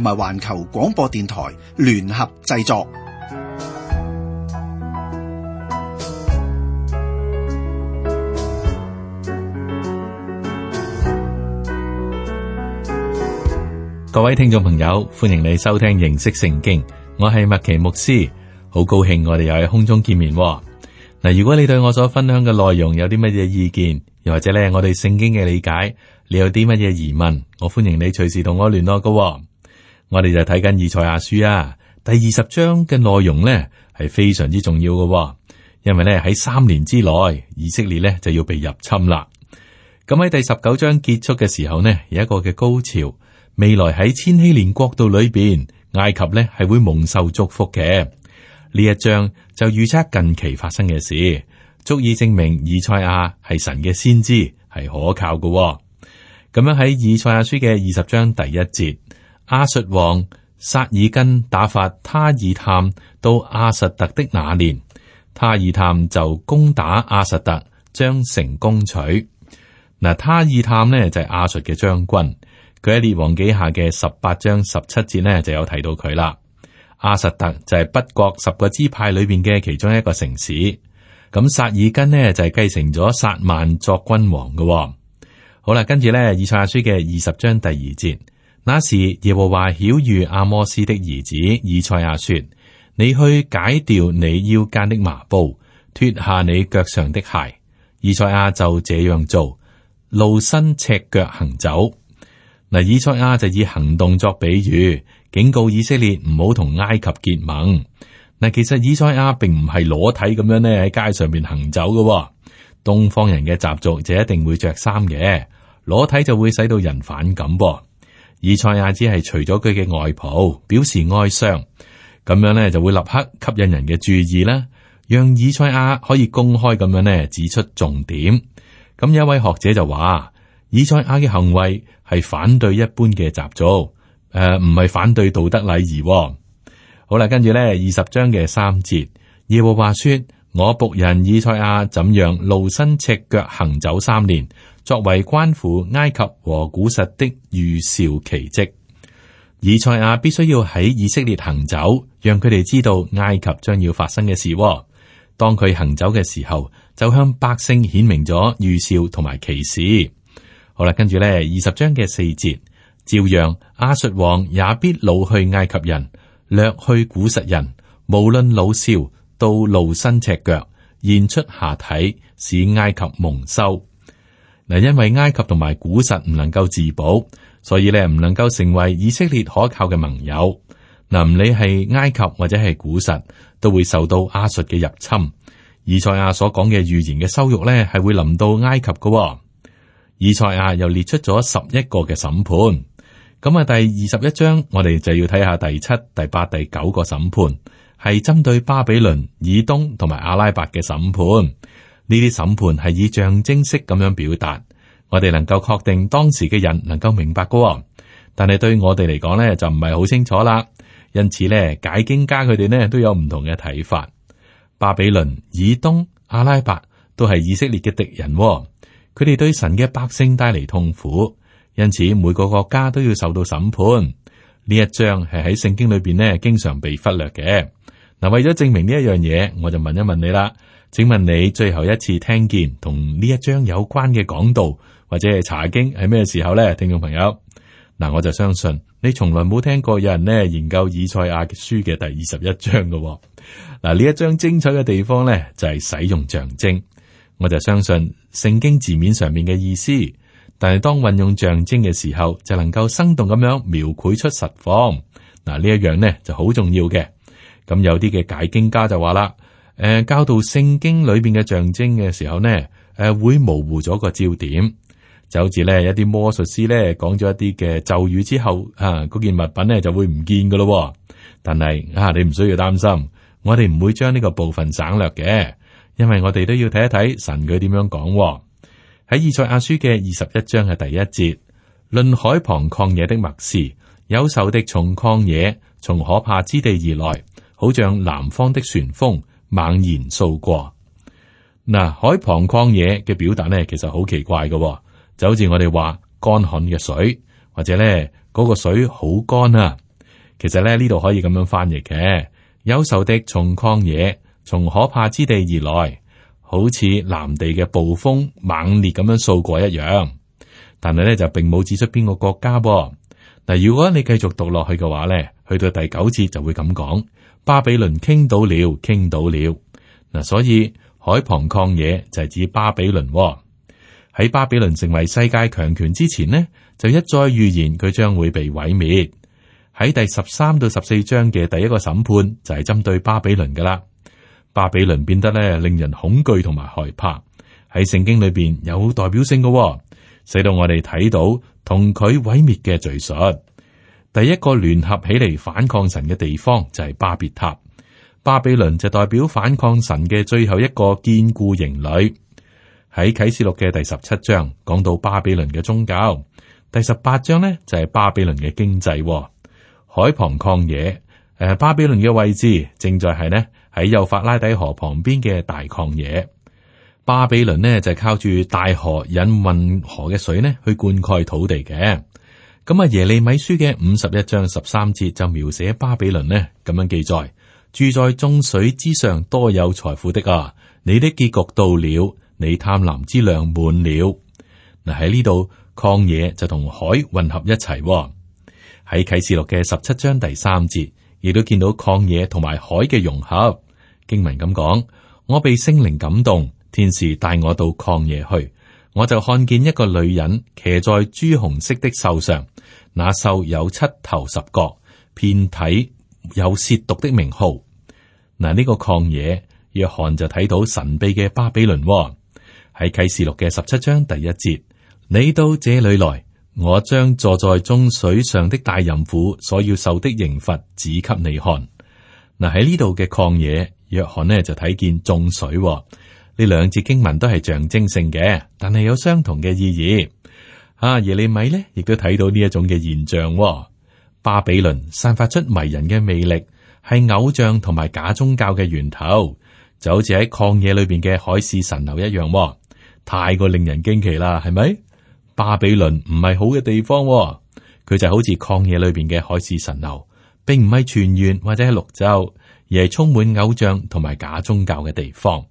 同埋環球廣播電台聯合製作。各位聽眾朋友，歡迎你收聽認識聖經。我係麥奇牧師，好高興我哋又喺空中見面嗱。如果你對我所分享嘅內容有啲乜嘢意見，又或者咧我對聖經嘅理解，你有啲乜嘢疑問，我歡迎你隨時同我聯絡㗎。我哋就睇緊以賽亞書啊，第二十章嘅內容呢係非常之重要嘅喎，因為呢喺三年之內以色列呢就要被入侵啦。咁喺第十九章結束嘅時候呢，有一個嘅高潮，未來喺千禧年國度裏邊埃及呢係會蒙受祝福嘅。呢一章就預測近期發生嘅事，足以證明以賽亞係神嘅先知係可靠嘅喎。咁樣喺以賽亞書嘅二十章第一節。阿述王薩爾根打發他爾探到阿實特的那年，他爾探就攻打阿實特，將城攻取。嗱，他爾探呢就係阿述嘅將軍，佢喺《列王記》下嘅十八章十七節呢就有提到佢啦。阿實特就係北國十個支派裏邊嘅其中一個城市。咁薩爾根呢就係繼承咗薩曼作君王嘅。好啦，跟住呢以賽亞書嘅二十章第二節。那時，耶和華曉諭阿摩斯的兒子以賽亞說：你去解掉你腰間的麻布，脫下你腳上的鞋。以賽亞就這樣做，露身赤腳行走。嗱，以賽亞就以行動作比喻，警告以色列唔好同埃及結盟。嗱，其實以賽亞並唔係裸體咁樣咧喺街上面行走噶。東方人嘅習俗就一定會着衫嘅，裸體就會使到人反感噃。以賽亞只係除咗佢嘅外袍，表示哀傷，咁樣咧就會立刻吸引人嘅注意啦，讓以賽亞可以公開咁樣咧指出重點。咁有一位學者就話，以賽亞嘅行為係反對一般嘅習俗，誒唔係反對道德禮儀。好啦，跟住咧二十章嘅三節，耶和華說：我僕人以賽亞怎樣露身赤腳行走三年。作為關乎埃及和古實的預兆奇迹，以賽亞必須要喺以色列行走，讓佢哋知道埃及將要發生嘅事。當佢行走嘅時候，就向百姓顯明咗預兆同埋奇事。好啦，跟住呢，二十章嘅四節，照樣亞述王也必老去埃及人，掠去古實人，無論老少，到露身赤腳，現出下體，使埃及蒙羞。嗱，因為埃及同埋古實唔能夠自保，所以咧唔能夠成為以色列可靠嘅盟友。嗱，唔理你係埃及或者係古實，都會受到亞述嘅入侵。以賽亞所講嘅預言嘅羞辱咧，係會臨到埃及噶。以賽亞又列出咗十一個嘅審判。咁啊，第二十一章，我哋就要睇下第七、第八、第九個審判，係針對巴比倫、以東同埋阿拉伯嘅審判。呢啲審判係以象徵式咁樣表達，我哋能夠確定當時嘅人能夠明白嘅，但係對我哋嚟講呢就唔係好清楚啦。因此呢，解經家佢哋呢都有唔同嘅睇法。巴比倫、以東、阿拉伯都係以色列嘅敵人，佢哋對神嘅百姓帶嚟痛苦，因此每個國家都要受到審判。呢一章係喺聖經裏邊呢經常被忽略嘅。嗱，為咗證明呢一樣嘢，我就問一問你啦。請問你最後一次聽見同呢一章有關嘅講道或者係查經係咩時候呢？聽眾朋友，嗱，我就相信你從來冇聽過有人呢研究以賽亞書嘅第二十一章嘅，哦。嗱，呢一章精彩嘅地方呢，就係使用象徵，我就相信聖經字面上面嘅意思，但係當運用象徵嘅時候就能夠生動咁樣描繪出實況。嗱，呢一樣呢就好重要嘅。咁有啲嘅解經家就話啦。誒，教導聖經裏邊嘅象徵嘅時候呢，誒會模糊咗個焦點，就好似咧一啲魔術師咧講咗一啲嘅咒語之後啊，嗰件物品咧就會唔見噶咯。但係啊，你唔需要擔心，我哋唔會將呢個部分省略嘅，因為我哋都要睇一睇神佢點樣講喺以賽亞書嘅二十一章係第一節，論海旁曠野的默示，有仇敵從曠野從可怕之地而來，好像南方的旋風。猛然掃過，嗱、呃、海旁曠野嘅表達咧，其實好奇怪嘅、哦，就好似我哋話乾旱嘅水，或者咧嗰、那個水好乾啊。其實咧呢度可以咁樣翻譯嘅，有仇敵從曠野從可怕之地而來，好似南地嘅暴風猛烈咁樣掃過一樣。但係咧就並冇指出邊個國家。嗱、呃，如果你繼續讀落去嘅話咧。去到第九節就會咁講，巴比倫傾倒了，傾倒了嗱。所以海旁曠野就係指巴比倫喎、哦。喺巴比倫成為世界強權之前呢，就一再預言佢將會被毀滅。喺第十三到十四章嘅第一個審判就係針對巴比倫噶啦。巴比倫變得咧令人恐懼同埋害怕，喺聖經裏邊有代表性嘅、哦，使到我哋睇到同佢毀滅嘅敘述。第一個聯合起嚟反抗神嘅地方就係巴別塔，巴比倫就代表反抗神嘅最後一個堅固營壘。喺啟示錄嘅第十七章講到巴比倫嘅宗教，第十八章呢就係、是、巴比倫嘅經濟。海旁曠野，誒，巴比倫嘅位置正在係呢喺幼發拉底河旁邊嘅大曠野。巴比倫呢就是、靠住大河引運河嘅水呢去灌溉土地嘅。咁啊，耶利米書嘅五十一章十三節就描寫巴比倫呢，咁樣記載住在眾水之上，多有財富的啊！你的結局到了，你貪婪之量滿了。嗱，喺呢度曠野就同海混合一齊喎、哦。喺啟示錄嘅十七章第三節亦都見到曠野同埋海嘅融合。經文咁講，我被聖靈感動，天使帶我到曠野去，我就看見一個女人騎在朱紅色的獸上。那獸有七頭十角，遍體有褻瀆的名號。嗱，呢個曠野，約翰就睇到神秘嘅巴比倫、哦。喺啟示錄嘅十七章第一節，你到這裏來，我將坐在眾水上的大淫婦所要受的刑罰指給你看。嗱、嗯，喺呢度嘅曠野，約翰呢就睇見眾水、哦。呢兩節經文都係象徵性嘅，但係有相同嘅意義。啊，耶利米咧，亦都睇到呢一種嘅現象、哦。巴比倫散發出迷人嘅魅力，係偶像同埋假宗教嘅源頭，就好似喺曠野裏邊嘅海市蜃樓一樣、哦。太過令人驚奇啦，係咪？巴比倫唔係好嘅地方、哦，佢就好似曠野裏邊嘅海市蜃樓，並唔係田園或者係綠洲，而係充滿偶像同埋假宗教嘅地方。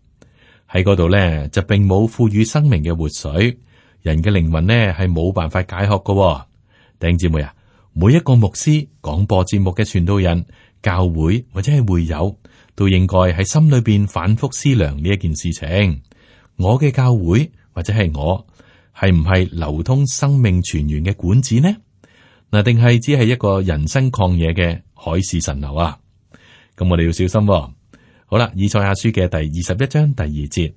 喺嗰度咧，就並冇賦予生命嘅活水。人嘅靈魂呢係冇辦法解學嘅、哦，弟兄姊妹啊，每一個牧師、廣播節目嘅傳道人、教會或者係會友都應該喺心裏邊反復思量呢一件事情：我嘅教會或者係我係唔係流通生命泉源嘅管子呢？嗱，定係只係一個人生曠野嘅海市蜃樓啊？咁我哋要小心、哦。好啦，《以賽亞書》嘅第二十一章第二節。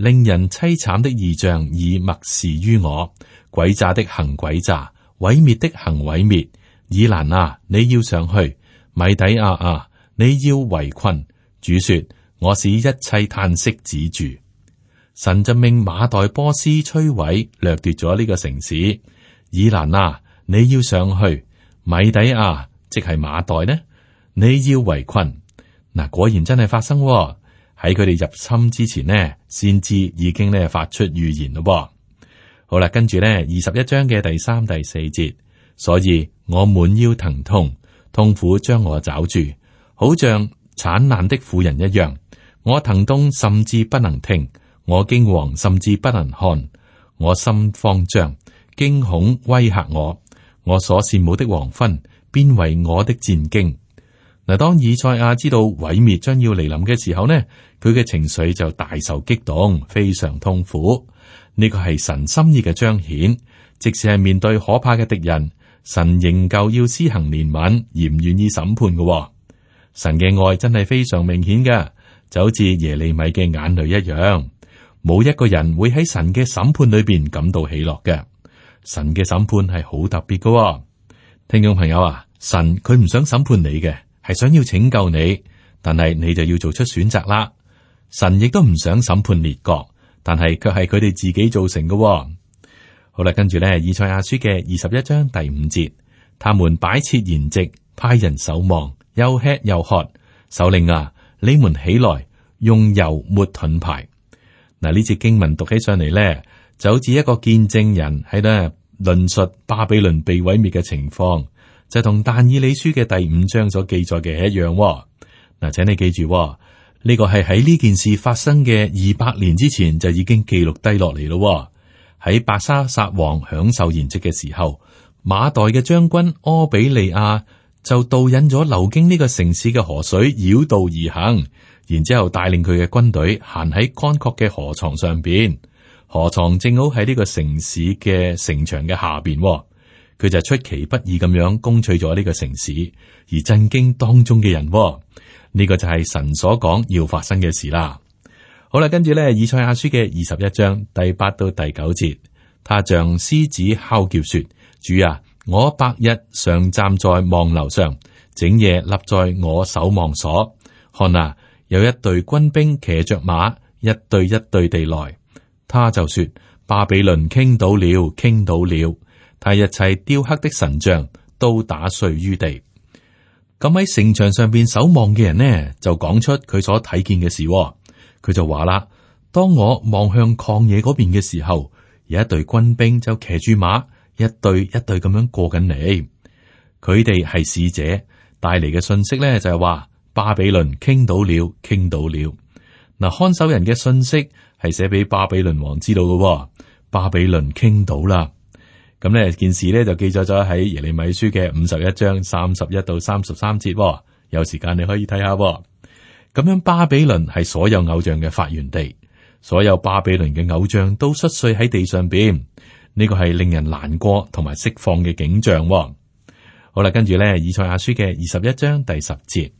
令人淒慘的異象已默示於我，詭詐的行詭詐，毀滅的行毀滅。以攔啊，你要上去；米底亞啊，你要圍困。主說：我使一切嘆息止住。神就命馬代波斯摧毀、掠奪咗呢個城市。以攔啊，你要上去；米底亞，即係馬代呢，你要圍困。嗱，果然真係發生。喺佢哋入侵之前呢，先至已經呢發出預言咯。好啦，跟住呢二十一章嘅第三、第四節，所以我滿腰疼痛，痛苦將我抓住，好像產難的婦人一樣。我疼痛甚至不能聽，我驚惶甚至不能看，我心慌張，驚恐威嚇我。我所羨慕的黃昏，變為我的戰兢。嗱，當以賽亞知道毀滅將要嚟臨嘅時候呢，佢嘅情緒就大受激動，非常痛苦。呢個係神心意嘅彰顯，即使係面對可怕嘅敵人，神仍舊要施行憐憫，而唔願意審判嘅、哦。神嘅愛真係非常明顯嘅，就好似耶利米嘅眼淚一樣。冇一個人會喺神嘅審判裏邊感到喜樂嘅。神嘅審判係好特別嘅、哦，聽眾朋友啊，神佢唔想審判你嘅。係想要拯救你，但係你就要做出選擇啦。神亦都唔想審判列國，但係卻係佢哋自己造成嘅。好啦，跟住咧，以賽亞書嘅二十一章第五節，他們擺設筵席，派人守望，又吃又喝。首領啊，你們起來，用油抹盾牌。嗱，呢節經文讀起上嚟咧，就好似一個見證人喺度論述巴比倫被毀滅嘅情況。就同但以理書嘅第五章所記載嘅一樣、哦。嗱，請你記住、哦，呢個係喺呢件事發生嘅二百年之前就已經記錄低落嚟咯。喺白沙撒王享受筵席嘅時候，馬代嘅將軍柯比利亞就導引咗流經呢個城市嘅河水繞道而行，然之後帶領佢嘅軍隊行喺乾涸嘅河床上邊。河床正好喺呢個城市嘅城牆嘅下邊、哦。佢就出其不意咁樣攻取咗呢個城市，而震驚當中嘅人。呢個就係神所講要發生嘅事啦。好啦，跟住咧，以賽亞書嘅二十一章第八到第九節，他像獅子吼叫說：主啊，我白日常站在望樓上，整夜立在我守望所。看啊，有一隊軍兵騎着馬，一對一對地來。他就說：巴比倫傾倒了，傾倒了。但一切雕刻的神像都打碎於地。咁喺城牆上邊守望嘅人呢，就講出佢所睇見嘅事。佢就話啦：當我望向曠野嗰邊嘅時候，有一隊軍兵就騎住馬，一隊一隊咁樣過緊嚟。佢哋係使者帶嚟嘅信息呢，就係話巴比倫傾倒了，傾倒了。嗱，看守人嘅信息係寫俾巴比倫王知道嘅，巴比倫傾倒啦。咁呢件事呢，就記載咗喺耶利米書嘅五十一章三十一到三十三節，有時間你可以睇下，哦。咁樣巴比倫係所有偶像嘅發源地，所有巴比倫嘅偶像都摔碎喺地上邊，呢個係令人難過同埋釋放嘅景象，哦。好啦，跟住呢，以賽亞書嘅二十一章第十節，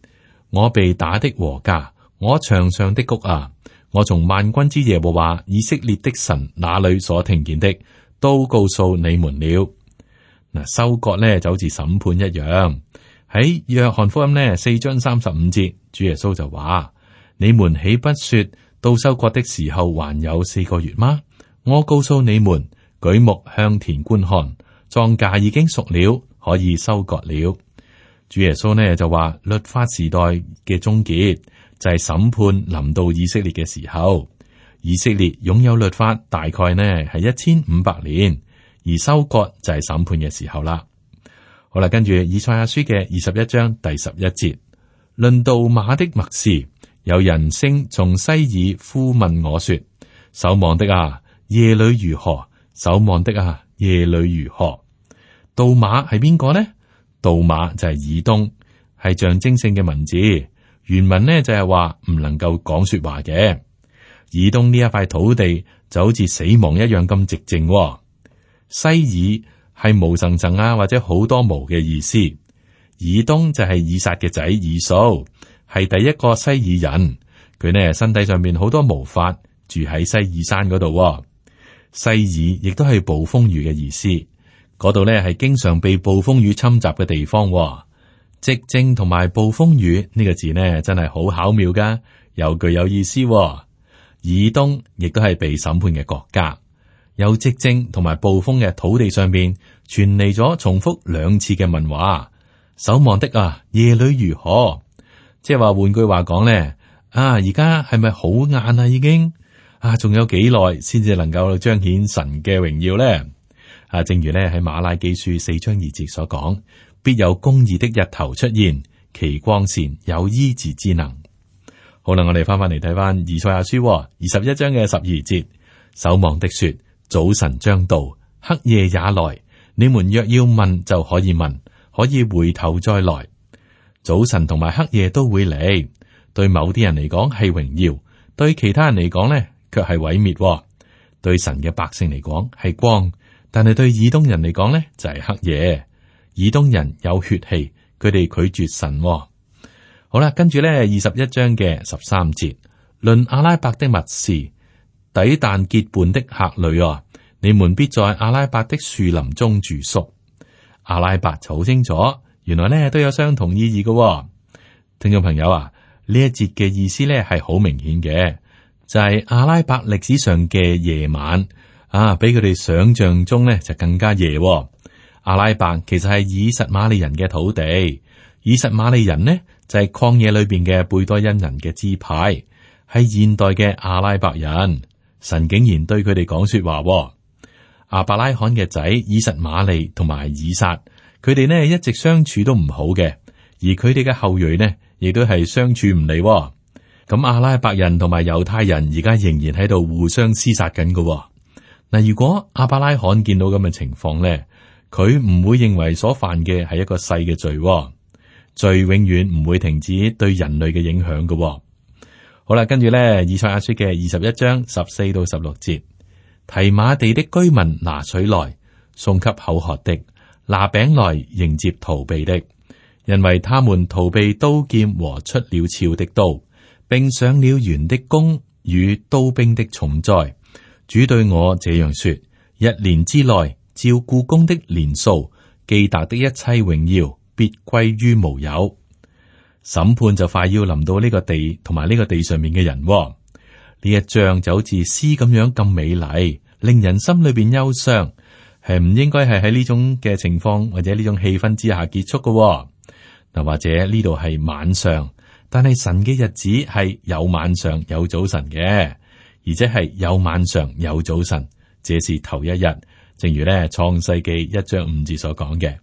我被打的禾稼，我場上的穀啊，我從萬軍之耶和華以色列的神那裏所聽見的，都告訴你們了，嗱收割呢，就好似審判一樣，喺約翰福音咧四章三十五節，主耶穌就話：你們豈不說到收割的時候還有四個月嗎？我告訴你們，舉目向田觀看，莊稼已經熟了，可以收割了。主耶穌呢，就話：律法時代嘅終結就係審判臨到以色列嘅時候。以色列擁有律法大概呢係一千五百年，而收割就係審判嘅時候啦。好啦，跟住以賽亞書嘅二十一章第十一節，論杜馬的默示，有人聲從西爾呼問我說：守望的啊，夜裏如何？守望的啊，夜裏如何？杜馬係邊個呢？杜馬就係以東，係象徵性嘅文字。原文呢就係話唔能夠講說話嘅。以東呢一塊土地就好似死亡一樣咁寂靜。西珥係毛層層啊，或者好多毛嘅意思。以東就係以撒嘅仔，以掃，係第一個西珥人。佢呢身體上面好多毛髮，住喺西珥山嗰度，哦。西珥亦都係暴風雨嘅意思。嗰度呢係經常被暴風雨侵襲嘅地方，哦。寂靜同埋暴風雨呢，這個字呢，真係好巧妙噶，又具有意思，哦。以東亦都係被審判嘅國家，有積政同埋暴風嘅土地上邊，傳嚟咗重複兩次嘅問話：守望的啊，夜裡如何？即係話，換句話講咧，啊而家係咪好晏啊？已經啊，仲有幾耐先至能夠彰顯神嘅榮耀咧？啊，正如咧喺馬拉基書四章二節所講，必有公義的日頭出現，其光線有醫治之能。好啦，我哋翻翻嚟睇翻《以賽亞書》二十一章嘅十二節，守望的說：早晨將到，黑夜也來。你們若要問，就可以問，可以回頭再來。早晨同埋黑夜都會嚟。對某啲人嚟講係榮耀，對其他人嚟講呢，卻係毀滅、哦。對神嘅百姓嚟講係光，但係對以東人嚟講呢，就係、是、黑夜。以東人有血氣，佢哋拒絕神、哦。好啦，跟住咧，二十一章嘅十三節，論阿拉伯的默示，底但結伴的客旅啊，你們必在阿拉伯的樹林中住宿。阿拉伯就好清楚，原來呢都有相同意義嘅、哦。聽眾朋友啊，呢一節嘅意思呢係好明顯嘅，就係、是、阿拉伯歷史上嘅夜晚啊，比佢哋想象中呢就更加夜、哦。阿拉伯其實係以實瑪利人嘅土地，以實瑪利人呢？就係曠野裏邊嘅貝多恩人嘅支派，係現代嘅阿拉伯人。神竟然對佢哋講說話。阿伯拉罕嘅仔以實瑪利同埋以撒，佢哋呢一直相處都唔好嘅，而佢哋嘅後裔呢亦都係相處唔嚟。咁阿拉伯人同埋猶太人而家仍然喺度互相廝殺緊嘅。嗱，如果阿伯拉罕見到咁嘅情況咧，佢唔會認為所犯嘅係一個細嘅罪。罪永遠唔會停止對人類嘅影響嘅、哦。好啦，跟住呢，以賽亞書嘅二十一章十四到十六節，提馬地的居民拿水來送給口渴的，拿餅來迎接逃避的，因為他們逃避刀劍和出了鞘的刀，並上了弦的弓與刀兵的重載。主對我這樣說：一年之內，照雇工的年數，基達的一切榮耀。必歸於無有，審判就快要臨到呢個地同埋呢個地上面嘅人、哦。呢一章就好似詩咁樣咁美麗，令人心裏邊憂傷，係唔應該係喺呢種嘅情況或者呢種氣氛之下結束嘅。嗱，或者呢度係晚上，但係神嘅日子係有晚上有早晨嘅，而且係有晚上有早晨，這是頭一日，正如咧創世紀一章五字所講嘅。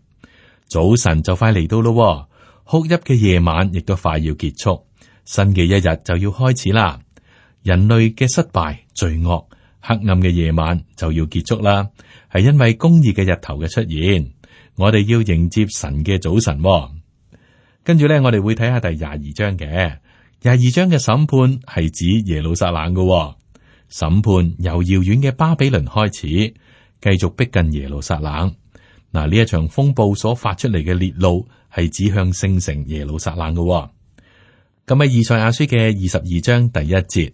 早晨就快嚟到咯，哭泣嘅夜晚亦都快要結束，新嘅一日就要開始啦。人類嘅失敗、罪惡、黑暗嘅夜晚就要結束啦，係因為公義嘅日頭嘅出現，我哋要迎接神嘅早晨。跟住咧，我哋會睇下第廿二章嘅廿二章嘅審判係指耶路撒冷嘅審判，由遙遠嘅巴比倫開始，繼續逼近耶路撒冷。嗱，呢一場風暴所發出嚟嘅烈怒係指向聖城耶路撒冷嘅、哦。咁喺以賽亞書嘅二十二章第一節，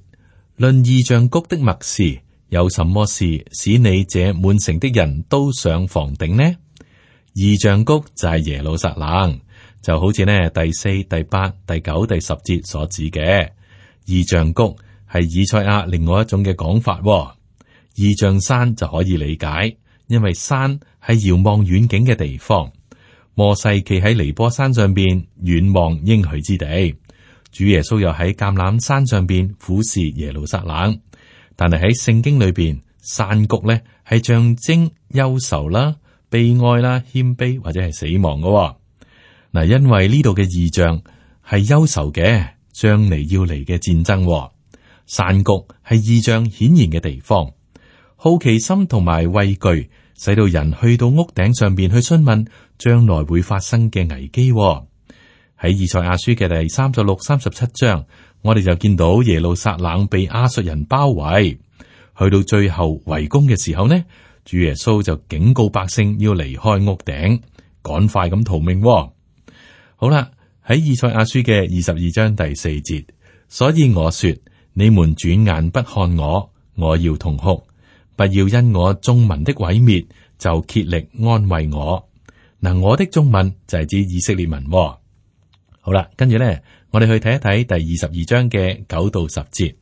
論異象谷的默示，有什麼事使你這滿城的人都上房頂呢？異象谷就係耶路撒冷，就好似呢第四、第八、第九、第十節所指嘅異象谷，係以賽亞另外一種嘅講法、哦。異象山就可以理解。因為山係遙望遠景嘅地方，摩西企喺尼波山上邊遠望應許之地，主耶穌又喺橄欖山上邊俯視耶路撒冷。但係喺聖經裏邊，山谷咧係象徵憂愁啦、悲哀啦、謙卑或者係死亡噶。嗱，因為呢度嘅異象係憂愁嘅，將來要嚟嘅戰爭，山谷係異象顯然嘅地方，好奇心同埋畏懼，使到人去到屋頂上邊去詢問將來會發生嘅危機喎、哦。喺以賽亞書嘅第三十六、三十七章，我哋就見到耶路撒冷被亞述人包圍，去到最後圍攻嘅時候呢，主耶穌就警告百姓要離開屋頂，趕快咁逃命、哦。好啦，喺以賽亞書嘅二十二章第四節，所以我說，你們轉眼不看我，我要痛哭。不要因我眾民的毀滅就竭力安慰我。嗱，我的眾民就係指以色列民。好啦，跟住咧，我哋去睇一睇第二十二章嘅九到十節。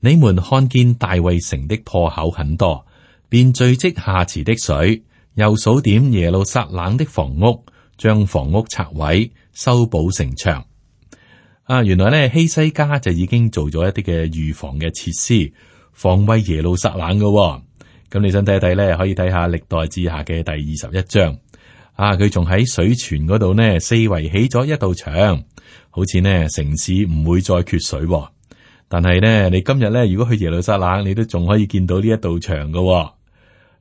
你們看見大衛城的破口很多，便聚積下池的水，又數點耶路撒冷的房屋，將房屋拆毀，修補城牆。啊，原來咧，希西家就已經做咗一啲嘅預防嘅設施。防衛耶路撒冷嘅、哦，咁你想睇一睇咧？可以睇下歷代志下嘅第二十一章。啊，佢仲喺水泉嗰度呢？四圍起咗一道牆，好似呢城市唔會再缺水、哦。但係呢，你今日呢，如果去耶路撒冷，你都仲可以見到呢一道牆嘅、哦。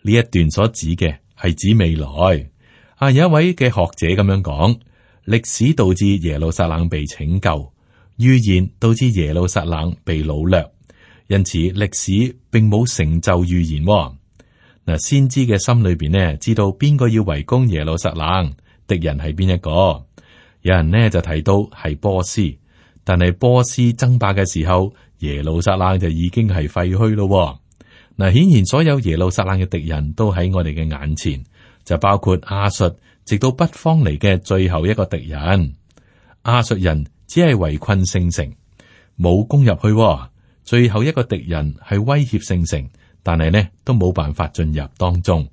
呢一段所指嘅係指未來。啊，有一位嘅學者咁樣講：歷史導致耶路撒冷被拯救，預言導致耶路撒冷被擄掠。因此，歷史並冇成就預言。嗱，先知嘅心裏邊呢，知道邊個要圍攻耶路撒冷，敵人係邊一個？有人呢就提到係波斯，但係波斯爭霸嘅時候，耶路撒冷就已經係廢墟咯。嗱，顯然所有耶路撒冷嘅敵人都喺我哋嘅眼前，就包括亞述，直到北方嚟嘅最後一個敵人。亞述人只係圍困聖城，冇攻入去。最後一個敵人係威脅聖城，但係呢都冇辦法進入當中。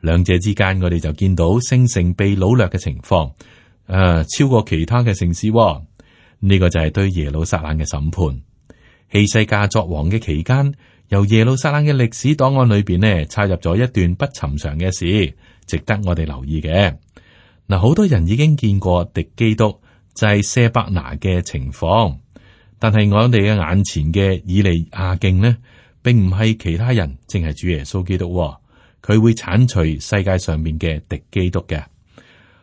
兩者之間，我哋就見到聖城被擄掠嘅情況，誒、呃、超過其他嘅城市。呢、這個就係對耶路撒冷嘅審判。希西家作王嘅期間，由耶路撒冷嘅歷史檔案裏邊呢插入咗一段不尋常嘅事，值得我哋留意嘅。嗱，好多人已經見過敵基督就係、是、舍伯拿嘅情況。但係我哋嘅眼前嘅以利亞敬呢，並唔係其他人，淨係主耶穌基督、哦。佢會鏟除世界上面嘅敵基督嘅。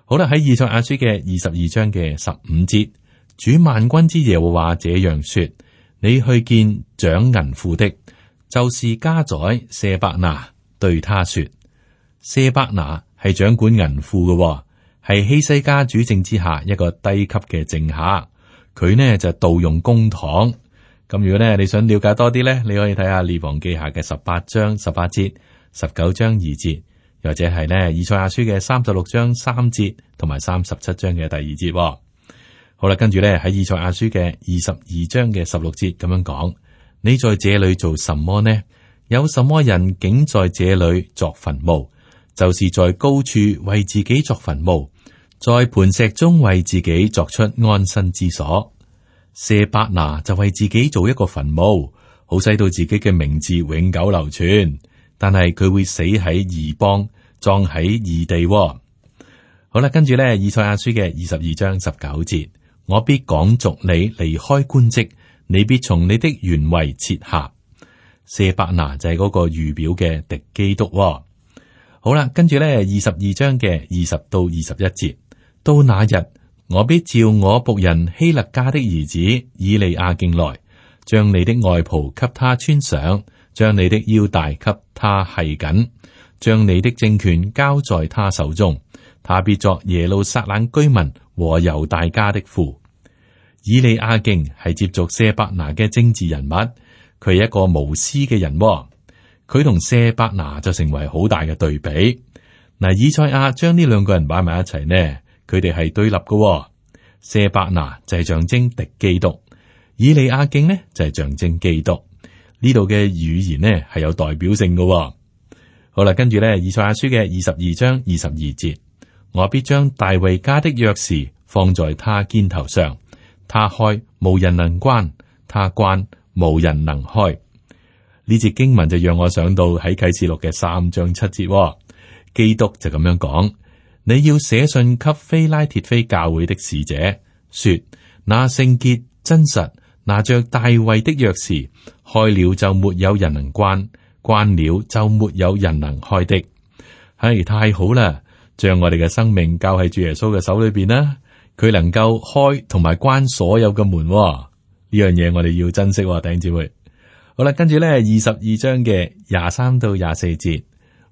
好啦，喺《以賽亞書》嘅二十二章嘅十五節，主萬軍之耶和華這樣說：你去見掌銀庫的，就是家宰舍伯拿，對他說：舍伯拿係掌管銀庫嘅、哦，係希西家主政之下一個低級嘅政客。佢呢就盜用公堂，咁如果呢你想了解多啲呢，你可以睇下列王記下嘅十八章十八節、十九章二節，又或者係呢以賽亞書嘅三十六章三節同埋三十七章嘅第二節。好啦，跟住呢喺以賽亞書嘅二十二章嘅十六節咁樣講：你在這裡做什麼呢？有什麼人竟在這裡作墳墓？就是在高處為自己作墳墓。在磐石中為自己作出安身之所，謝伯拿就為自己做一個墳墓，好使到自己嘅名字永久流傳。但係佢會死喺異邦，葬喺異地、哦。好啦，跟住咧，以賽亞書嘅二十二章十九節，我必趕逐你離開官職，你必從你的原位撤下。謝伯拿就係嗰個預表嘅敵基督、哦。好啦，跟住咧，二十二章嘅二十到二十一節。到那日，我必召我僕人希勒家的兒子以利亞敬來，將你的外袍給他穿上，將你的腰帶給他繫緊，將你的政權交在他手中。他必作耶路撒冷居民和猶大家的父。以利亞敬係接續謝伯拿嘅政治人物，佢係一個無私嘅人，佢、哦、同謝伯拿就成為好大嘅對比。嗱，以賽亞將呢兩個人擺埋一齊呢？佢哋係對立嘅、哦，謝伯拿就係象徵敵基督，以利亞敬呢就係象徵基督。呢度嘅語言呢係有代表性嘅、哦。好啦，跟住呢以賽亞書嘅二十二章二十二節，我必將大衛家的鑰匙放在他肩頭上，他開無人能關，他關無人能開。呢節經文就讓我想到喺啟示錄嘅三章七節、哦，基督就咁樣講。你要寫信給非拉鐵非教會的使者，說：那聖潔真實拿着大衛的鑰匙，開了，就沒有人能關；關了就沒有人能開的。哎，太好啦！將我哋嘅生命交喺主耶穌嘅手裏邊啦，佢能夠開同埋關所有嘅門、哦。呢樣嘢我哋要珍惜、哦，頂姊妹好啦。跟住咧，二十二章嘅廿三到廿四節，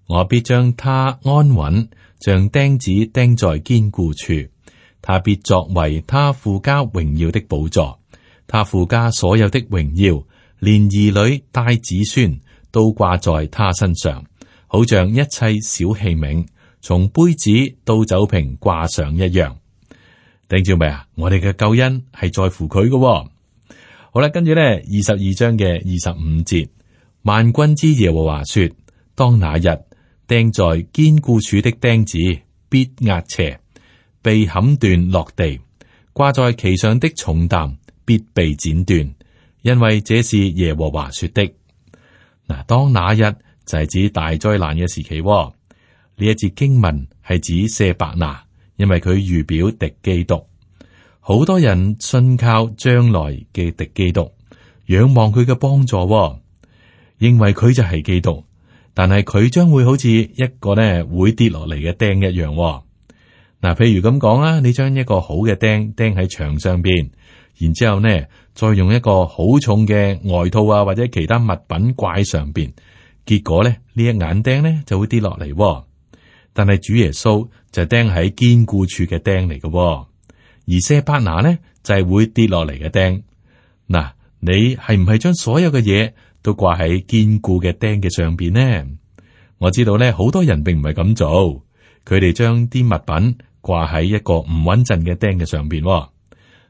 我必將他安穩。像釘子釘在堅固處，他必作為他父家榮耀的寶座，他父家所有的榮耀，連兒女帶子孫都掛在他身上，好像一切小器皿從杯子到酒瓶掛上一樣。聽住未啊？我哋嘅救恩係在乎佢嘅，哦。好啦，跟住咧，二十二章嘅二十五節，萬軍之耶和華說：當那日。釘在堅固處的釘子必壓斜，被砍斷落地；掛在其上的重擔必被剪斷，因為這是耶和華說的。嗱，當那日就係指大災難嘅時期。呢一節經文係指舍伯拿，因為佢預表敵基督。好多人信靠將來嘅敵基督，仰望佢嘅幫助，認為佢就係基督。但係佢將會好似一個咧，會跌落嚟嘅釘一樣、哦。嗱，譬如咁講啦，你將一個好嘅釘釘喺牆上邊，然之後咧，再用一個好重嘅外套啊或者其他物品掛上邊，結果咧，呢一眼釘咧就會跌落嚟、哦。但係主耶穌就釘喺堅固處嘅釘嚟嘅，而舍伯那咧就係、是、會跌落嚟嘅釘。嗱，你係唔係將所有嘅嘢？都掛喺堅固嘅釘嘅上邊呢。我知道咧，好多人並唔係咁做，佢哋將啲物品掛喺一個唔穩陣嘅釘嘅上邊嗱、哦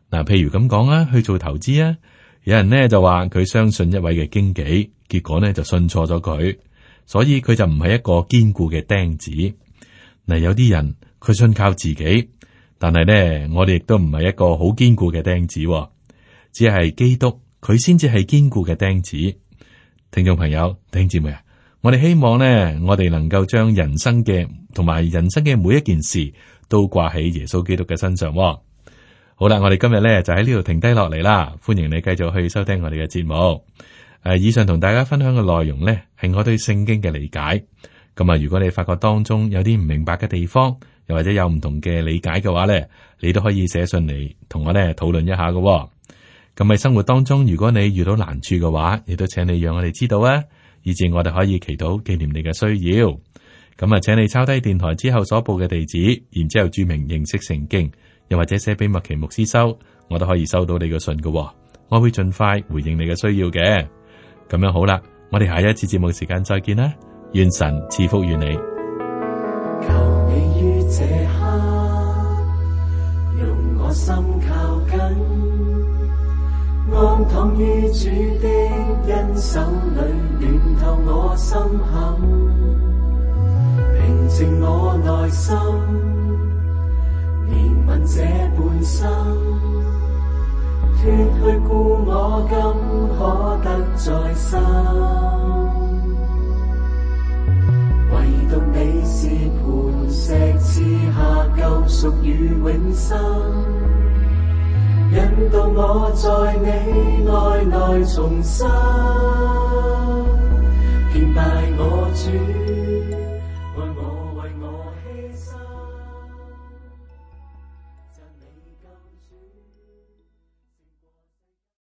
呃。譬如咁講啦，去做投資啊，有人咧就話佢相信一位嘅經紀，結果咧就信錯咗佢，所以佢就唔係一個堅固嘅釘子。嗱、呃，有啲人佢信靠自己，但係咧我哋亦都唔係一個好堅固嘅釘子喎、哦、子，只係基督佢先至係堅固嘅釘子。聽眾朋友、弟兄姊妹啊，我哋希望呢，我哋能夠將人生嘅同埋人生嘅每一件事都掛喺耶穌基督嘅身上。好啦，我哋今日呢，就喺呢度停低落嚟啦。歡迎你繼續去收聽我哋嘅節目。誒，以上同大家分享嘅內容呢，係我對聖經嘅理解。咁啊，如果你發覺當中有啲唔明白嘅地方，又或者有唔同嘅理解嘅話呢，你都可以寫信嚟同我咧討論一下嘅。咁喺生活當中，如果你遇到難處嘅話，亦都請你讓我哋知道啊，以至我哋可以祈禱紀念你嘅需要。咁啊，請你抄低電台之後所報嘅地址，然之後注明認識聖經，又或者寫俾麥奇牧師收，我都可以收到你嘅信嘅。我會盡快回應你嘅需要嘅。咁樣好啦，我哋下一次節目時間再見啦，願神賜福與你。求你於這刻，用我心靠近。安躺於主的恩手裏，暖透我心坎，平靜我內心，憐憫這半生，脫去故我今可得再生，唯獨，你是磐石，賜下救贖與永生。引導我在你愛內內重生，敬拜我主。